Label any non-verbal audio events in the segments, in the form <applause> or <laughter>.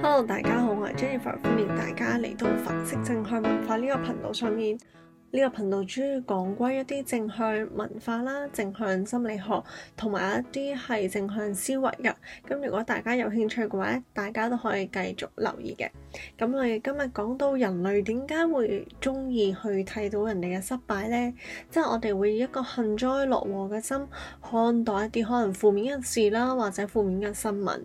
Hello，大家好，我係 Jennifer，歡迎大家嚟到法式正向文化呢、這個頻道上面。呢個頻道主要講歸一啲正向文化啦、正向心理學同埋一啲係正向思維嘅。咁如果大家有興趣嘅話，大家都可以繼續留意嘅。咁我哋今日講到人類點解會中意去睇到人哋嘅失敗呢？即係我哋會以一個幸災樂禍嘅心看待一啲可能負面嘅事啦，或者負面嘅新聞。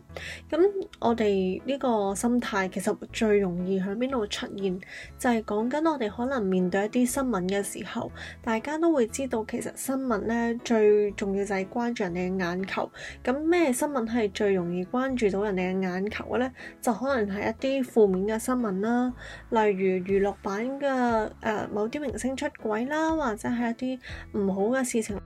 咁我哋呢個心態其實最容易喺邊度出現，就係講緊我哋可能面對一啲新聞嘅時候，大家都會知道，其實新聞咧最重要就係關注人哋嘅眼球。咁咩新聞係最容易關注到人哋嘅眼球咧？就可能係一啲負面嘅新聞啦，例如娛樂版嘅誒、呃、某啲明星出軌啦，或者係一啲唔好嘅事情，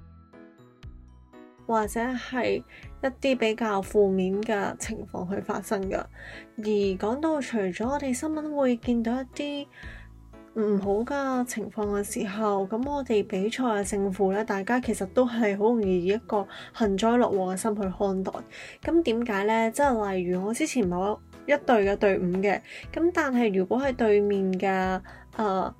或者係一啲比較負面嘅情況去發生噶。而講到除咗我哋新聞會見到一啲。唔好嘅情況嘅時候，咁我哋比賽嘅勝負咧，大家其實都係好容易以一個幸災樂禍嘅心去看待。咁點解呢？即係例如我之前某一隊嘅隊伍嘅，咁但係如果係對面嘅，誒、呃，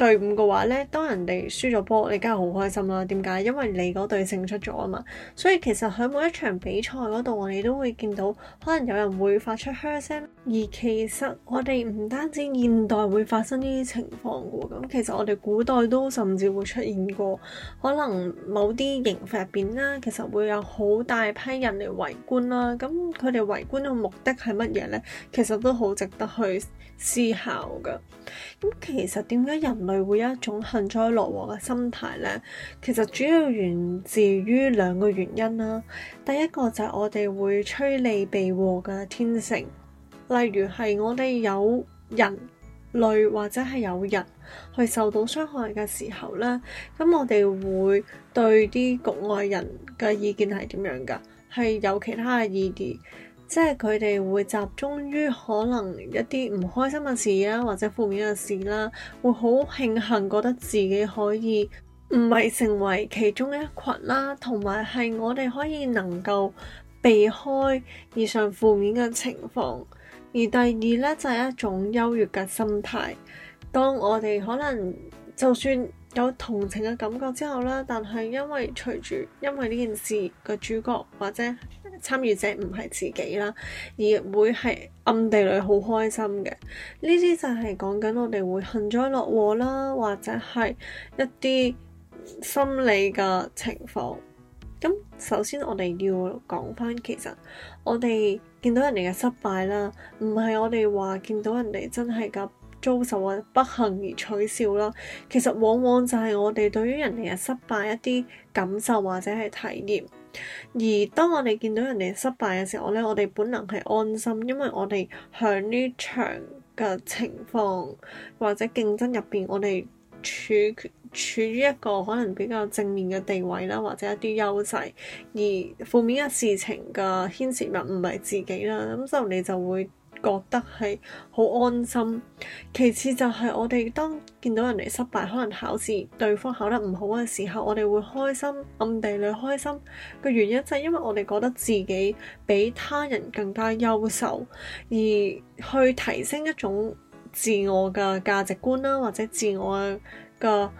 隊伍嘅話咧，當人哋輸咗波，你梗係好開心啦。點解？因為你嗰隊勝出咗啊嘛。所以其實喺每一場比賽嗰度，你都會見到可能有人會發出噓聲，而其實我哋唔單止現代會發生呢啲情況嘅，咁其實我哋古代都甚至會出現過可能某啲刑法入邊啦，其實會有好大批人嚟圍觀啦。咁佢哋圍觀嘅目的係乜嘢咧？其實都好值得去思考㗎。咁其實點解人？會有一種幸災樂禍嘅心態咧，其實主要源自於兩個原因啦。第一個就係我哋會趨利避禍嘅天性，例如係我哋有人類或者係有人去受到傷害嘅時候咧，咁我哋會對啲局外人嘅意見係點樣噶？係有其他嘅意義。即係佢哋會集中於可能一啲唔開心嘅事啦，或者負面嘅事啦，會好慶幸覺得自己可以唔係成為其中一群啦，同埋係我哋可以能夠避開以上負面嘅情況。而第二呢，就係一種優越嘅心態，當我哋可能就算有同情嘅感覺之後啦，但係因為隨住因為呢件事個主角或者。參與者唔係自己啦，而會係暗地裏好開心嘅。呢啲就係講緊我哋會幸災樂禍啦，或者係一啲心理嘅情況。咁首先我哋要講返，其實我哋見到人哋嘅失敗啦，唔係我哋話見到人哋真係咁。遭受或者不幸而取笑啦，其實往往就係我哋對於人哋嘅失敗一啲感受或者係體驗。而當我哋見到人哋失敗嘅時候咧，我哋本能係安心，因為我哋響呢場嘅情況或者競爭入邊，我哋處處於一個可能比較正面嘅地位啦，或者一啲優勢。而負面嘅事情嘅牽涉物唔係自己啦，咁所以你就會。覺得係好安心，其次就係我哋當見到人哋失敗，可能考試對方考得唔好嘅時候，我哋會開心，暗地裏開心個原因就係因為我哋覺得自己比他人更加優秀，而去提升一種自我嘅價值觀啦，或者自我嘅，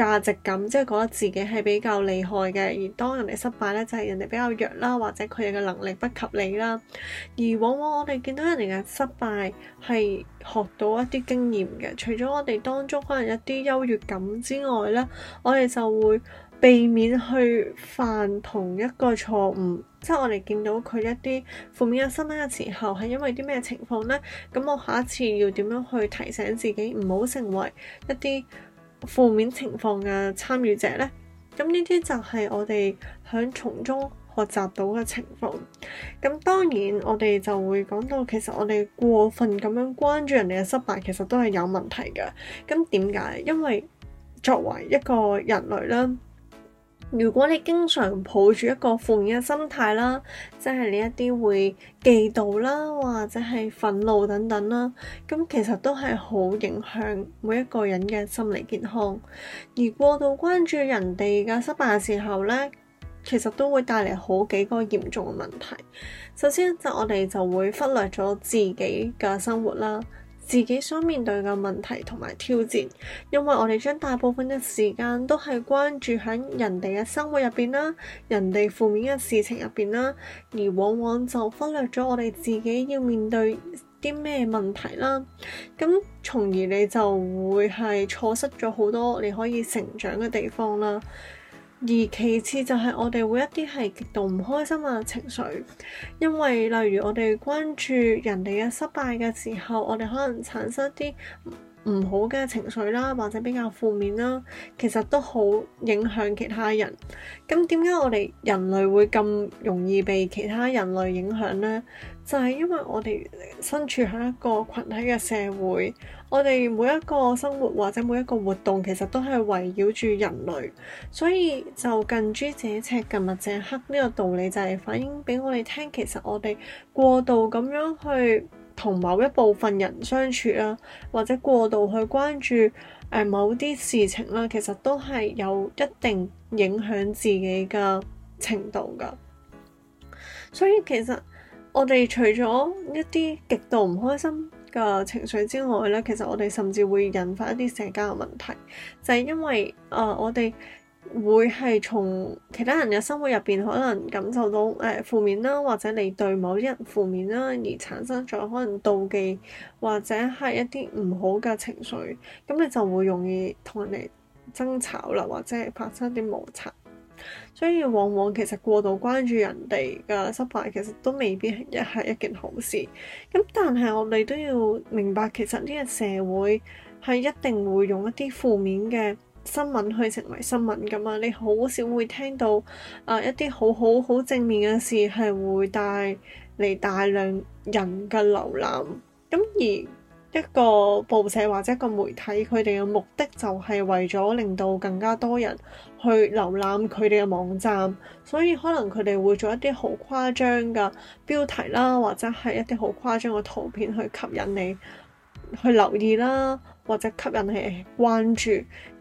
價值感，即係覺得自己係比較厲害嘅，而當人哋失敗咧，就係、是、人哋比較弱啦，或者佢哋嘅能力不及你啦。而往往我哋見到人哋嘅失敗，係學到一啲經驗嘅。除咗我哋當中可能一啲優越感之外咧，我哋就會避免去犯同一個錯誤。即係我哋見到佢一啲負面嘅新聞嘅時候，係因為啲咩情況咧？咁我下一次要點樣去提醒自己唔好成為一啲？負面情況嘅參與者咧，咁呢啲就係我哋響從中學習到嘅情況。咁當然我哋就會講到，其實我哋過分咁樣關注人哋嘅失敗，其實都係有問題嘅。咁點解？因為作為一個人類啦。如果你經常抱住一個負面嘅心態啦，即係你一啲會嫉妒啦，或者係憤怒等等啦，咁其實都係好影響每一個人嘅心理健康。而過度關注人哋嘅失敗嘅時候咧，其實都會帶嚟好幾個嚴重嘅問題。首先，就我哋就會忽略咗自己嘅生活啦。自己所面對嘅問題同埋挑戰，因為我哋將大部分嘅時間都係關注喺人哋嘅生活入邊啦，人哋負面嘅事情入邊啦，而往往就忽略咗我哋自己要面對啲咩問題啦，咁從而你就會係錯失咗好多你可以成長嘅地方啦。而其次就係我哋會一啲係極度唔開心嘅情緒，因為例如我哋關注人哋嘅失敗嘅時候，我哋可能產生一啲唔好嘅情緒啦，或者比較負面啦，其實都好影響其他人。咁點解我哋人類會咁容易被其他人類影響呢？就係因為我哋身處喺一個群體嘅社會，我哋每一個生活或者每一個活動，其實都係圍繞住人類，所以就近朱者赤，近墨者黑呢個道理就係反映俾我哋聽。其實我哋過度咁樣去。同某一部分人相處啦，或者過度去關注誒某啲事情啦，其實都係有一定影響自己嘅程度㗎。所以其實我哋除咗一啲極度唔開心嘅情緒之外咧，其實我哋甚至會引發一啲社交嘅問題，就係、是、因為誒、呃、我哋。會係從其他人嘅生活入邊，可能感受到誒負面啦，或者你對某一人負面啦，而產生咗可能妒忌或者係一啲唔好嘅情緒，咁你就會容易同人哋爭吵啦，或者係發生啲摩擦。所以往往其實過度關注人哋嘅失敗，其實都未必係係一件好事。咁但係我哋都要明白，其實呢個社會係一定會用一啲負面嘅。新聞去成為新聞㗎嘛，你好少會聽到啊、呃、一啲好好好正面嘅事係會帶嚟大量人嘅瀏覽。咁而一個報社或者一個媒體，佢哋嘅目的就係為咗令到更加多人去瀏覽佢哋嘅網站，所以可能佢哋會做一啲好誇張嘅標題啦，或者係一啲好誇張嘅圖片去吸引你去留意啦。或者吸引佢關注，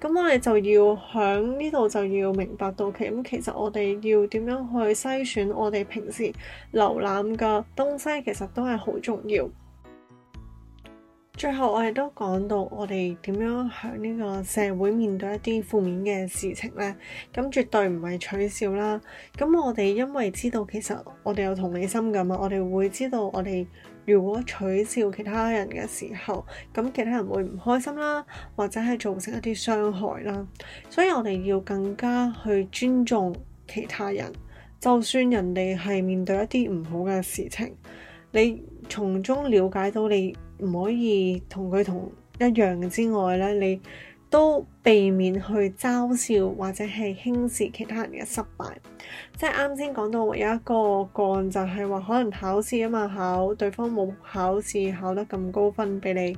咁我哋就要喺呢度就要明白到，咁其實我哋要點樣去篩選我哋平時瀏覽嘅東西，其實都係好重要。 <noise> 最後我哋都講到我哋點樣喺呢個社會面對一啲負面嘅事情呢。咁絕對唔係取笑啦。咁我哋因為知道其實我哋有同理心㗎嘛，我哋會知道我哋。如果取笑其他人嘅時候，咁其他人會唔開心啦，或者係造成一啲傷害啦，所以我哋要更加去尊重其他人。就算人哋係面對一啲唔好嘅事情，你從中了解到你唔可以同佢同一樣之外咧，你。都避免去嘲笑或者係輕視其他人嘅失敗，即係啱先講到有一個個案就係話可能考試吖嘛，考對方冇考試考得咁高分俾你，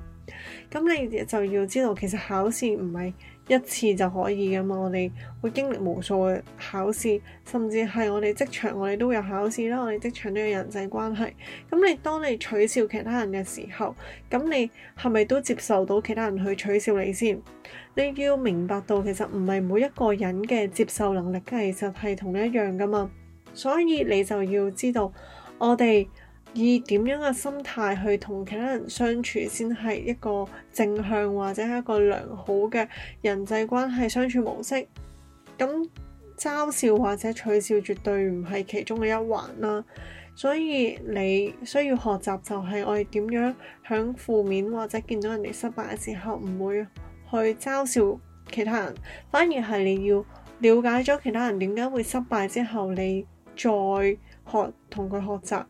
咁你就要知道其實考試唔係。一次就可以㗎嘛？我哋會經歷無數嘅考試，甚至係我哋職場，我哋都有考試啦。我哋職場都有人際關係。咁你當你取笑其他人嘅時候，咁你係咪都接受到其他人去取笑你先？你要明白到其實唔係每一個人嘅接受能力其實係同你一樣㗎嘛。所以你就要知道我哋，以點樣嘅心態去同其他人相處先係一個正向，或者係一個良好嘅人際關係相處模式。咁嘲笑或者取笑絕對唔係其中嘅一環啦。所以你需要學習就係我哋點樣響負面或者見到人哋失敗嘅時候，唔會去嘲笑其他人，反而係你要了解咗其他人點解會失敗之後，你再學同佢學習。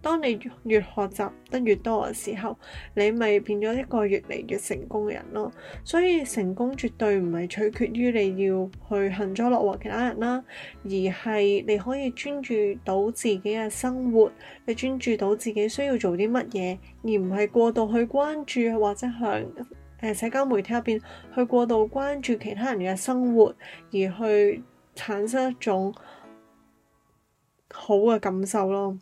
當你越學習得越多嘅時候，你咪變咗一個越嚟越成功嘅人咯。所以成功絕對唔係取決於你要去幸災樂禍其他人啦，而係你可以專注到自己嘅生活，你專注到自己需要做啲乜嘢，而唔係過度去關注或者喺社交媒體入邊去過度關注其他人嘅生活，而去產生一種好嘅感受咯。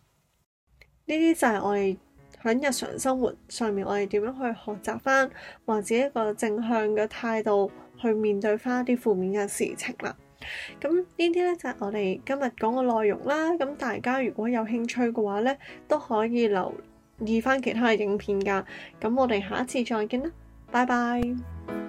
呢啲就係我哋喺日常生活上面，我哋點樣去學習翻，或者一個正向嘅態度去面對翻啲負面嘅事情啦。咁呢啲咧就係我哋今日講嘅內容啦。咁大家如果有興趣嘅話咧，都可以留意翻其他嘅影片㗎。咁我哋下一次再見啦，拜拜。